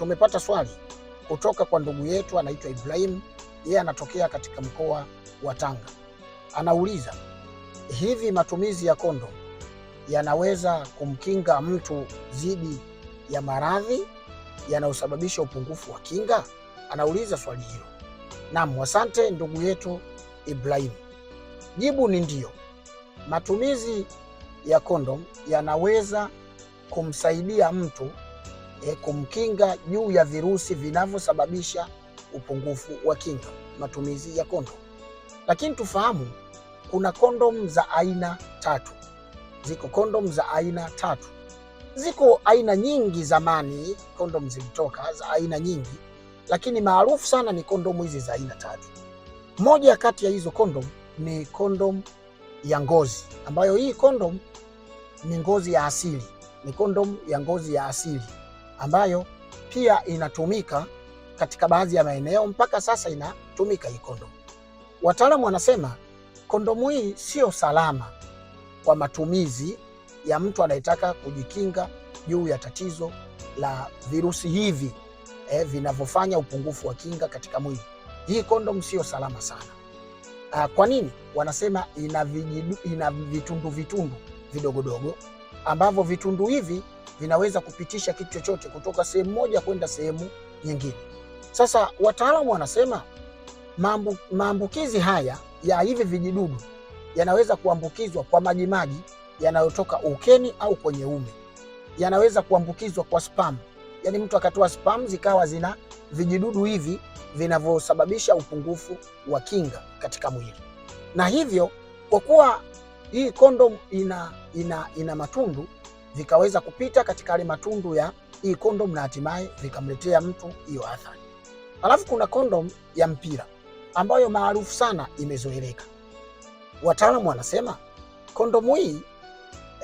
Tumepata swali kutoka kwa ndugu yetu anaitwa Ibrahim, yeye anatokea katika mkoa wa Tanga. Anauliza, hivi matumizi ya kondo yanaweza kumkinga mtu dhidi ya maradhi yanayosababisha upungufu wa kinga? Anauliza swali hilo. Naam, asante ndugu yetu Ibrahim. Jibu ni ndiyo, matumizi ya kondom yanaweza kumsaidia mtu eh, kumkinga juu ya virusi vinavyosababisha upungufu wa kinga, matumizi ya kondom. Lakini tufahamu kuna kondom za aina tatu, ziko kondom za aina tatu, ziko aina nyingi. Zamani kondom zilitoka za aina nyingi, lakini maarufu sana ni kondomu hizi za aina tatu. Moja kati ya hizo kondom ni kondom ya ngozi, ambayo hii kondom ni ngozi ya asili, ni kondom ya ngozi ya asili ambayo pia inatumika katika baadhi ya maeneo, mpaka sasa inatumika hii kondomu. Wataalamu wanasema kondomu hii sio salama kwa matumizi ya mtu anayetaka kujikinga juu ya tatizo la virusi hivi eh, vinavyofanya upungufu wa kinga katika mwili. Hii kondomu sio salama sana. Ah, kwa nini? Wanasema ina ina vitundu vitundu vidogodogo ambavyo vitundu hivi vinaweza kupitisha kitu chochote kutoka sehemu moja kwenda sehemu nyingine. Sasa wataalamu wanasema mambu, maambukizi haya ya hivi vijidudu yanaweza kuambukizwa kwa majimaji yanayotoka ukeni au kwenye ume, yanaweza kuambukizwa kwa spam, yaani mtu akatoa spam zikawa zina vijidudu hivi vinavyosababisha upungufu wa kinga katika mwili, na hivyo kwa kuwa hii kondom ina, ina, ina matundu vikaweza kupita katika yale matundu ya hii kondom na hatimaye vikamletea mtu hiyo athari. Alafu kuna kondom ya mpira ambayo maarufu sana imezoeleka. Wataalamu wanasema kondomu hii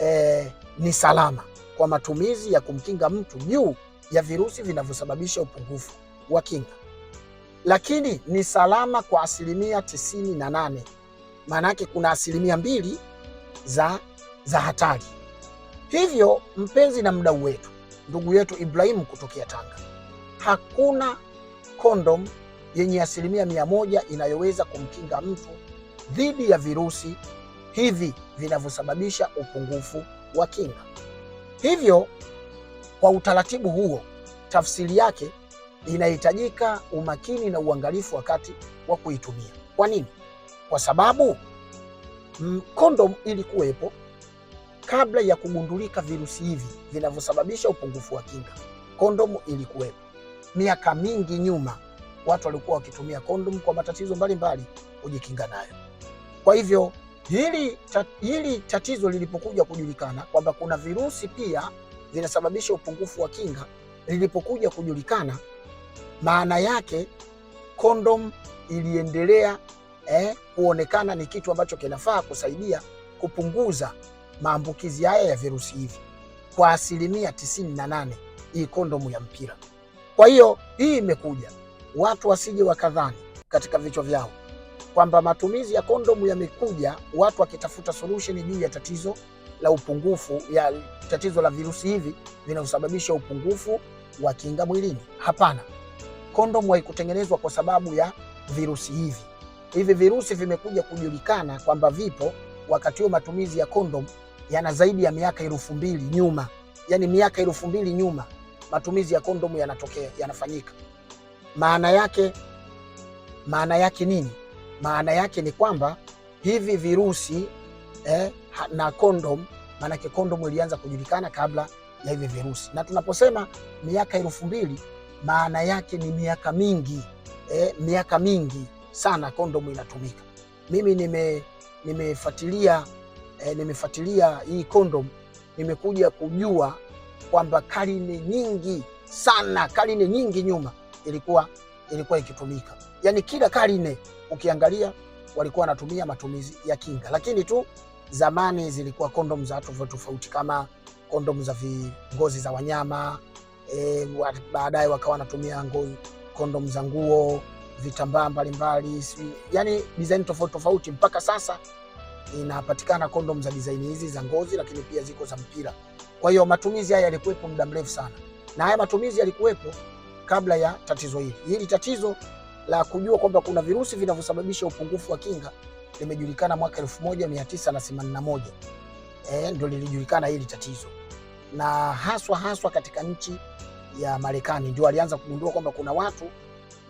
eh, ni salama kwa matumizi ya kumkinga mtu juu ya virusi vinavyosababisha upungufu wa kinga, lakini ni salama kwa asilimia tisini na nane. Maana kuna asilimia mbili za, za hatari. Hivyo mpenzi na mdau wetu, ndugu yetu Ibrahimu kutokea Tanga, hakuna kondom yenye asilimia mia moja inayoweza kumkinga mtu dhidi ya virusi hivi vinavyosababisha upungufu wa kinga. Hivyo kwa utaratibu huo, tafsiri yake inahitajika umakini na uangalifu wakati wa kuitumia. Kwa nini? Kwa sababu mm, kondom ilikuwepo kabla ya kugundulika virusi hivi vinavyosababisha upungufu wa kinga. Kondomu ilikuwepo miaka mingi nyuma, watu walikuwa wakitumia kondomu kwa matatizo mbalimbali kujikinga nayo. Kwa hivyo hili, ta, hili tatizo lilipokuja kujulikana kwamba kuna virusi pia vinasababisha upungufu wa kinga, lilipokuja kujulikana, maana yake kondomu iliendelea eh, kuonekana ni kitu ambacho kinafaa kusaidia kupunguza maambukizi haya ya virusi hivi kwa asilimia tisini na nane hii kondomu ya mpira. Kwa hiyo hii imekuja watu wasije wakadhani katika vichwa vyao kwamba matumizi ya kondomu yamekuja watu wakitafuta solution juu ya tatizo la upungufu ya tatizo la virusi hivi vinavyosababisha upungufu wa kinga mwilini. Hapana, kondomu haikutengenezwa kwa sababu ya virusi hivi. Hivi virusi vimekuja kujulikana kwamba vipo wakati huo matumizi ya kondomu yana zaidi ya miaka elfu mbili nyuma, yani miaka elfu mbili nyuma matumizi ya kondomu yanatokea, yanafanyika. Maana yake maana yake nini? Maana yake ni kwamba hivi virusi eh, na kondom, maanake kondomu ilianza kujulikana kabla ya hivi virusi, na tunaposema miaka elfu mbili maana yake ni miaka mingi eh, miaka mingi sana kondomu inatumika. Mimi nime eh, nimefuatilia hii kondom, nimekuja kujua kwamba karine nyingi sana, karine nyingi nyuma ilikuwa ilikuwa ikitumika, yaani kila karine ukiangalia walikuwa wanatumia matumizi ya kinga, lakini tu zamani zilikuwa kondom za watu tofauti, kama kondom za ngozi za wanyama e, baadaye wakawa wanatumia kondom za nguo, vitambaa mbalimbali, yani design tofauti tofauti mpaka sasa inapatikana kondom za design hizi za ngozi, lakini pia ziko za mpira. Kwa hiyo matumizi haya yalikuwepo muda mrefu sana, na haya matumizi yalikuwepo kabla ya tatizo hili. Hili tatizo la kujua kwamba kuna virusi vinavyosababisha upungufu wa kinga limejulikana mwaka 1981 eh, ndio lilijulikana hili tatizo, na haswa haswa katika nchi ya Marekani ndio alianza kugundua kwamba kuna watu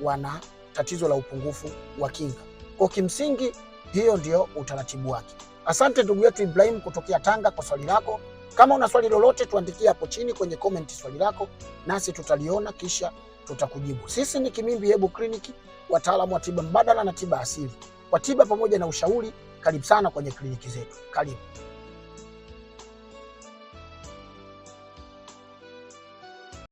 wana tatizo la upungufu wa kinga. Kwa kimsingi hiyo ndio utaratibu wake. Asante ndugu yetu Ibrahim kutokea Tanga kwa swali lako. Kama una swali lolote, tuandikie hapo chini kwenye comment swali lako, nasi tutaliona kisha tutakujibu. Sisi ni Kimimbi Hebu Kliniki, wataalamu wa tiba mbadala na tiba asili, kwa tiba pamoja na ushauri. Karibu sana kwenye kliniki zetu, karibu.